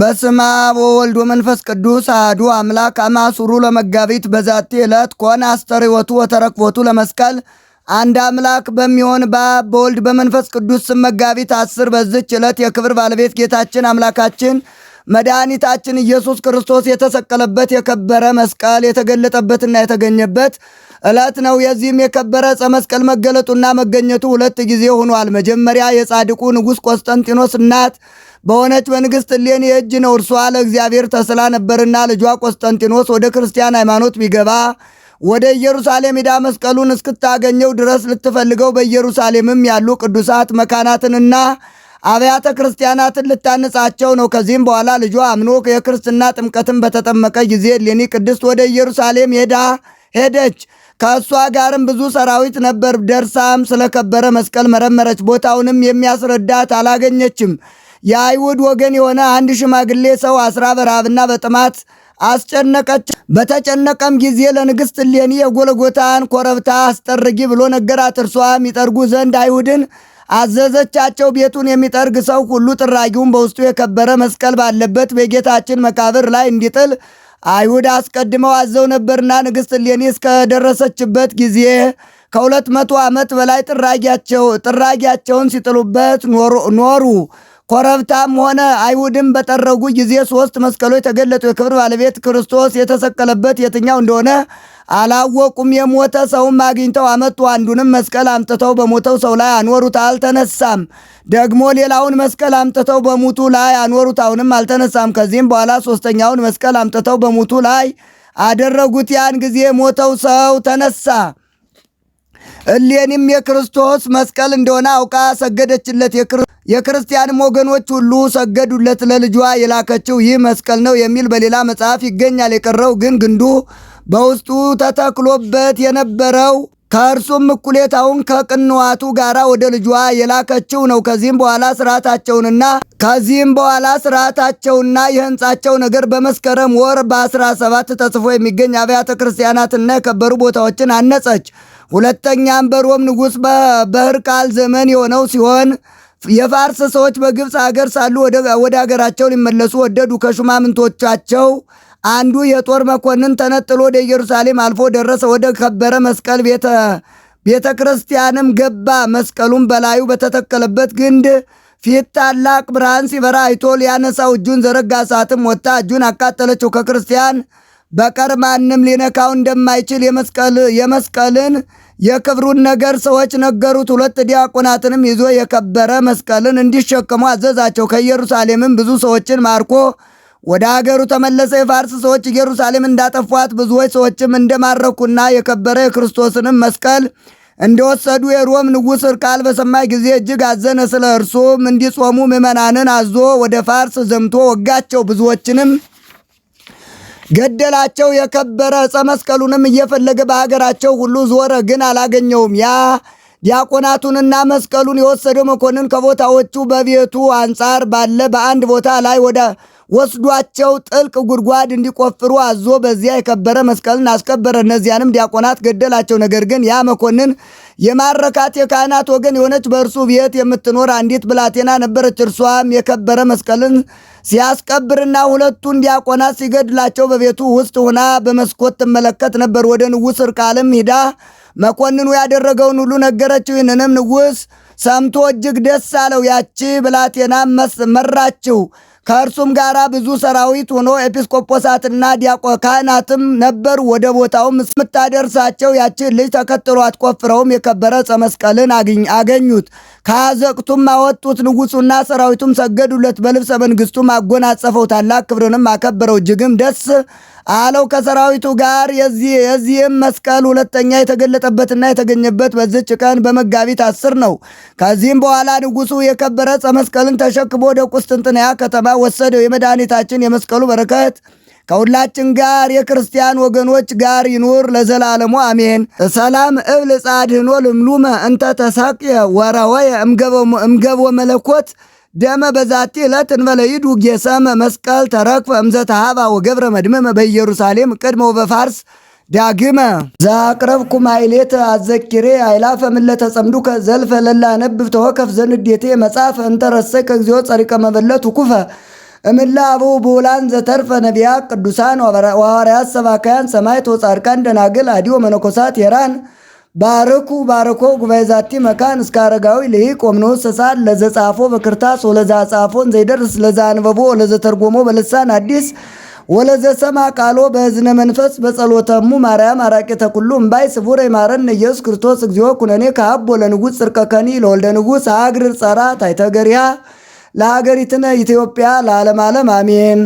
በስመ አብ ወወልድ ወመንፈስ ቅዱስ አሐዱ አምላክ አማሱሩ ለመጋቢት በዛቲ ዕለት ኮነ አስተርእዮቱ ወተረክቦቱ ለመስቀል አንድ አምላክ በሚሆን በአብ በወልድ በመንፈስ ቅዱስ ስም መጋቢት አስር በዝች ዕለት የክብር ባለቤት ጌታችን አምላካችን መድኃኒታችን ኢየሱስ ክርስቶስ የተሰቀለበት የከበረ መስቀል የተገለጠበትና የተገኘበት ዕለት ነው። የዚህም የከበረ ዕፀ መስቀል መገለጡና መገኘቱ ሁለት ጊዜ ሆኗል። መጀመሪያ የጻድቁ ንጉሥ ቆስጠንጢኖስ እናት በሆነች መንግሥት እሌኒ የእጅ ነው። እርሷ ለእግዚአብሔር ተስላ ነበርና ልጇ ቆስጠንጢኖስ ወደ ክርስቲያን ሃይማኖት ቢገባ ወደ ኢየሩሳሌም ሄዳ መስቀሉን እስክታገኘው ድረስ ልትፈልገው በኢየሩሳሌምም ያሉ ቅዱሳት መካናትንና አብያተ ክርስቲያናትን ልታነጻቸው ነው። ከዚህም በኋላ ልጇ አምኖ የክርስትና ጥምቀትን በተጠመቀ ጊዜ እሌኒ ቅድስት ወደ ኢየሩሳሌም ሄዳ ሄደች። ከእሷ ጋርም ብዙ ሰራዊት ነበር። ደርሳም ስለከበረ መስቀል መረመረች። ቦታውንም የሚያስረዳት አላገኘችም። የአይሁድ ወገን የሆነ አንድ ሽማግሌ ሰው አስራ በረሃብና በጥማት አስጨነቀች። በተጨነቀም ጊዜ ለንግሥት እሌኒ የጎልጎታን ኮረብታ አስጠርጊ ብሎ ነገራት። እርሷም ይጠርጉ ዘንድ አይሁድን አዘዘቻቸው። ቤቱን የሚጠርግ ሰው ሁሉ ጥራጊውን በውስጡ የከበረ መስቀል ባለበት በጌታችን መቃብር ላይ እንዲጥል አይሁድ አስቀድመው አዘው ነበርና ንግሥት እሌኒ እስከደረሰችበት ጊዜ ከሁለት መቶ ዓመት በላይ ጥራጊያቸው ጥራጊያቸውን ሲጥሉበት ኖሩ። ኮረብታም ሆነ አይሁድም በጠረጉ ጊዜ ሶስት መስቀሎች ተገለጡ። የክብር ባለቤት ክርስቶስ የተሰቀለበት የትኛው እንደሆነ አላወቁም። የሞተ ሰውም አግኝተው አመጡ። አንዱንም መስቀል አምጥተው በሞተው ሰው ላይ አኖሩት፣ አልተነሳም። ደግሞ ሌላውን መስቀል አምጥተው በሙቱ ላይ አኖሩት፣ አሁንም አልተነሳም። ከዚህም በኋላ ሶስተኛውን መስቀል አምጥተው በሙቱ ላይ አደረጉት። ያን ጊዜ ሞተው ሰው ተነሳ። እሌኒም የክርስቶስ መስቀል እንደሆነ አውቃ ሰገደችለት። የክርስቲያንም ወገኖች ሁሉ ሰገዱለት። ለልጇ የላከችው ይህ መስቀል ነው የሚል በሌላ መጽሐፍ ይገኛል። የቀረው ግን ግንዱ በውስጡ ተተክሎበት የነበረው ከእርሱም እኩሌታውን ከቅንዋቱ ጋራ ወደ ልጇ የላከችው ነው። ከዚህም በኋላ ስርዓታቸውንና ከዚህም በኋላ ስርዓታቸውና የህንጻቸው ነገር በመስከረም ወር በ17 ተጽፎ የሚገኝ አብያተ ክርስቲያናትና የከበሩ ቦታዎችን አነጸች። ሁለተኛም በሮም ንጉሥ በህርቃል ዘመን የሆነው ሲሆን የፋርስ ሰዎች በግብፅ አገር ሳሉ ወደ አገራቸው ሊመለሱ ወደዱ። ከሹማምንቶቻቸው አንዱ የጦር መኮንን ተነጥሎ ወደ ኢየሩሳሌም አልፎ ደረሰ። ወደ ከበረ መስቀል ቤተ ክርስቲያንም ገባ። መስቀሉም በላዩ በተተከለበት ግንድ ፊት ታላቅ ብርሃን ሲበራ አይቶ ሊያነሳው እጁን ዘረጋ። እሳትም ወጥታ እጁን አቃጠለችው። ከክርስቲያን በቀር ማንም ሊነካው እንደማይችል የመስቀልን የክብሩን ነገር ሰዎች ነገሩት። ሁለት ዲያቆናትንም ይዞ የከበረ መስቀልን እንዲሸከሙ አዘዛቸው። ከኢየሩሳሌምም ብዙ ሰዎችን ማርኮ ወደ አገሩ ተመለሰ። የፋርስ ሰዎች ኢየሩሳሌም እንዳጠፏት ብዙዎች ሰዎችም እንደማረኩና የከበረ የክርስቶስንም መስቀል እንደወሰዱ የሮም ንጉሥ እርቃል በሰማ ጊዜ እጅግ አዘነ። ስለ እርሱም እንዲጾሙ ምዕመናንን አዞ ወደ ፋርስ ዘምቶ ወጋቸው። ብዙዎችንም ገደላቸው። የከበረ ዕፀ መስቀሉንም እየፈለገ በሀገራቸው ሁሉ ዞረ፣ ግን አላገኘውም። ያ ዲያቆናቱንና መስቀሉን የወሰደው መኮንን ከቦታዎቹ በቤቱ አንጻር ባለ በአንድ ቦታ ላይ ወደ ወስዷቸው ጥልቅ ጉድጓድ እንዲቆፍሩ አዞ በዚያ የከበረ መስቀልን አስከበረ። እነዚያንም ዲያቆናት ገደላቸው። ነገር ግን ያ መኮንን የማረካት የካህናት ወገን የሆነች በእርሱ ቤት የምትኖር አንዲት ብላቴና ነበረች። እርሷም የከበረ መስቀልን ሲያስቀብርና ሁለቱን ዲያቆናት ሲገድላቸው በቤቱ ውስጥ ሆና በመስኮት ትመለከት ነበር። ወደ ንጉሥ እርቃልም ሂዳ መኮንኑ ያደረገውን ሁሉ ነገረችው። ይህንንም ንጉሥ ሰምቶ እጅግ ደስ አለው። ያቺ ብላቴና መራችው። ከእርሱም ጋር ብዙ ሰራዊት ሆኖ ኤጲስቆጶሳትና ዲያቆ ካህናትም ነበር። ወደ ቦታውም እስምታደርሳቸው ያችን ልጅ ተከትሎ አትቆፍረውም የከበረ ዕፀ መስቀልን አገኙት። ከአዘቅቱም አወጡት። ንጉሱና ሰራዊቱም ሰገዱለት። በልብሰ መንግስቱም አጎናጸፈው። ታላቅ ክብርንም አከበረው። እጅግም ደስ አለው ከሰራዊቱ ጋር። የዚህም መስቀል ሁለተኛ የተገለጠበትና የተገኘበት በዚች ቀን በመጋቢት አስር ነው። ከዚህም በኋላ ንጉሱ የከበረ ዕፀ መስቀልን ተሸክሞ ወደ ቁስጥንጥንያ ከተማ ወሰደው። የመድኃኒታችን የመስቀሉ በረከት ከሁላችን ጋር የክርስቲያን ወገኖች ጋር ይኑር ለዘላለሙ አሜን። ሰላም እብል ጻድህኖ ልምሉመ እንተ ተሳቅየ ወራወየ እምገቦ መለኮት ደመ በዛቲ ዕለት እንበለይድ ውጌሰመ መስቀል ተረክፈ እምዘተ ሀባ ወገብረ መድመመ በኢየሩሳሌም ቅድመ በፋርስ ዳግመ ዘአቅረብኩ ማይሌት አዘኪሬ አይላፈ ምለተ ጸምዱከ ዘልፈ ለላ ነብብ ተወከፍ ዘንዴቴ መጽሐፈ እንተረሰከ እግዚኦ ጸሪቀ መበለት ኩፈ እምላ አበው ብዑላን ዘተርፈ ነቢያ ቅዱሳን ወሐዋርያት ሰባካያን ሰማዕት ወጻድቃን ደናግል አዲዮ መነኮሳት የራን ባርኩ ባርኮ ጉባኤ ዛቲ መካን እስከ አረጋዊ ልሂቅ ወምንዑስ ሰሳን ለዘጻፎ ጻፎ በክርታስ ወለዛ ጻፎን ዘይደርስ ለዛ አንበቦ ወለዘተርጎሞ በልሳን አዲስ ወለዘ ሰማ ቃሎ በእዝነ መንፈስ በጸሎተሙ ማርያም አራቂ ተኩሉ እምባይ ስቡረ ይማረን ኢየሱስ ክርስቶስ እግዚኦ ኩነኔ ከሀቦ ለንጉሥ ጽርቀከኒ ለወልደ ንጉሥ አግርር ጸራ ታይተገሪያ ለሀገሪትነ ኢትዮጵያ ለዓለም ዓለም አሜን።